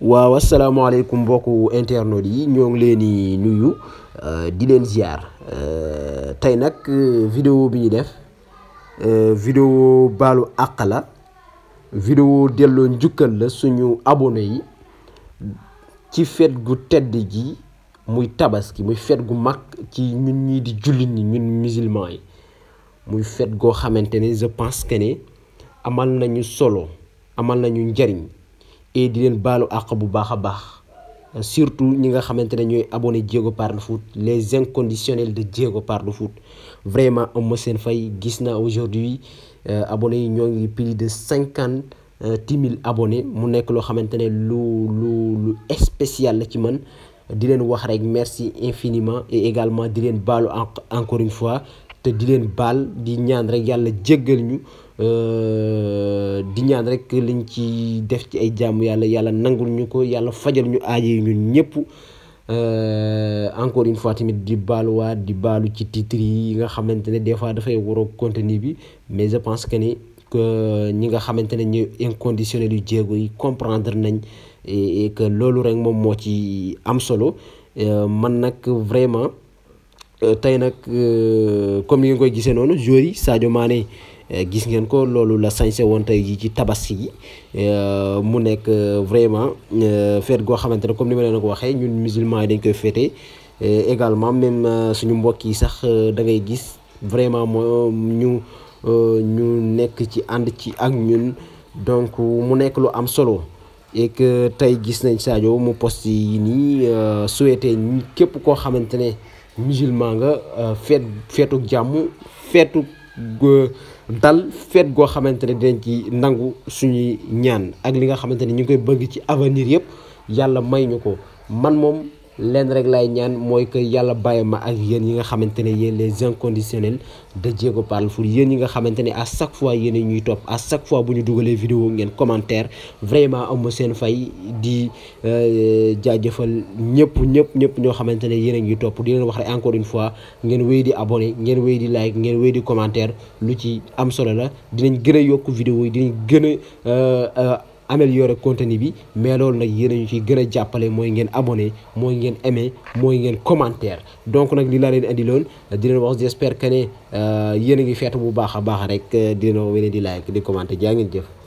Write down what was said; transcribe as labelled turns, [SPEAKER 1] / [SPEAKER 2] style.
[SPEAKER 1] waaw asalaamaaleykum mbokku internautes yi ñoo ngi leen di nuyu euh, di leen ziar euh, tey nag euh, video bi ñu def vidéo baalu àq la vidéo delloo njukkal la suñu abone yi ci fet gu tedd gi muy tabaski muy fet gu mag ci ñun ñii di jullit ñi ñun musulman yi muy fet goo xamante ne je pense que ne amal nañu solo amal nañu njariñ et di leen baalu àq bu surtout ñi nga xamante ne ñooy abonné par Parle Foot les inconditionnels de Diego Parle Foot vraiment am Sen fay gis na aujourd'hui euh, abonné yi ñoo ngi plus de 50 000 abonnés mu nekk loo xamante ne lu lu lu spécial la ci man di merci infiniment et également di leen encore une fois te di leen baal di ñaan rek euh, di ñaan rek liñ ci def ci ay jàmm yàlla yàlla nangul ñu ko yàlla fajal ñu aaje yi ñun ñëpp euh, encore une fois tamit di baaluwaat di baalu ci titre yi nga xamante ne des fois dafay waroog contenu bi mais je pense que ni que ñi nga xamante ne ñu inconditionnel yu jéego yi comprendre nañ et loolu rek moom moo ci am solo euh, man nag vraiment euh, tey nag comme ni nga koy gisee noonu joueurs yi Sadio Eh, gis ngeen ko loolu la sañse woon tey ji ci tabaski yi eh, mu nekk eh, vraiment feet goo xamante ne comme ni ma leen ko waxee ñun musulmans yi dañ koy féete également même suñu mbokk yi sax da ngay gis vraiment moo ñu ñu nekk ci ànd ci ak ñun donc mu nekk lu am solo et que tey gis nañ Sadio mu post yi nii souhaité képp koo xamante ne musulman nga fête feetuk jàmm feetuk dal feet goo xamante ne dinañ ci nangu suñuy ñaan ak li nga xamante ne ñu ngi koy bëgg ci avenir yëpp yàlla may ñu ko man moom leen rek lay ñaan mooy que yàlla bàyyi ma ak yéen yi nga xamante ne yéen les inconditionnels de Diégo Parle Foot yéen yi nga xamante ne à chaque fois yéen ñuy topp à chaque fois bu ñu dugalee vidéo ngeen commentaire vraiment am seen fay di euh, jaajëfal ñëpp ñëpp ñëpp ñoo xamante ne yéen ñuy topp di leen wax rek encore une fois ngeen wéy di abonné ngeen wéy di like ngeen wéy di commentaire lu ci am solo la dinañ gën a yokk vidéo yi dinañ gën a euh, euh, améliorer contenu mais alors nak yéen ñu ci gëna jappalé vous ngeen abonné moy ngeen vous moy ngeen commentaire donc nak li la leen j'espère que vous euh a ngi bu baax rek di like di commenter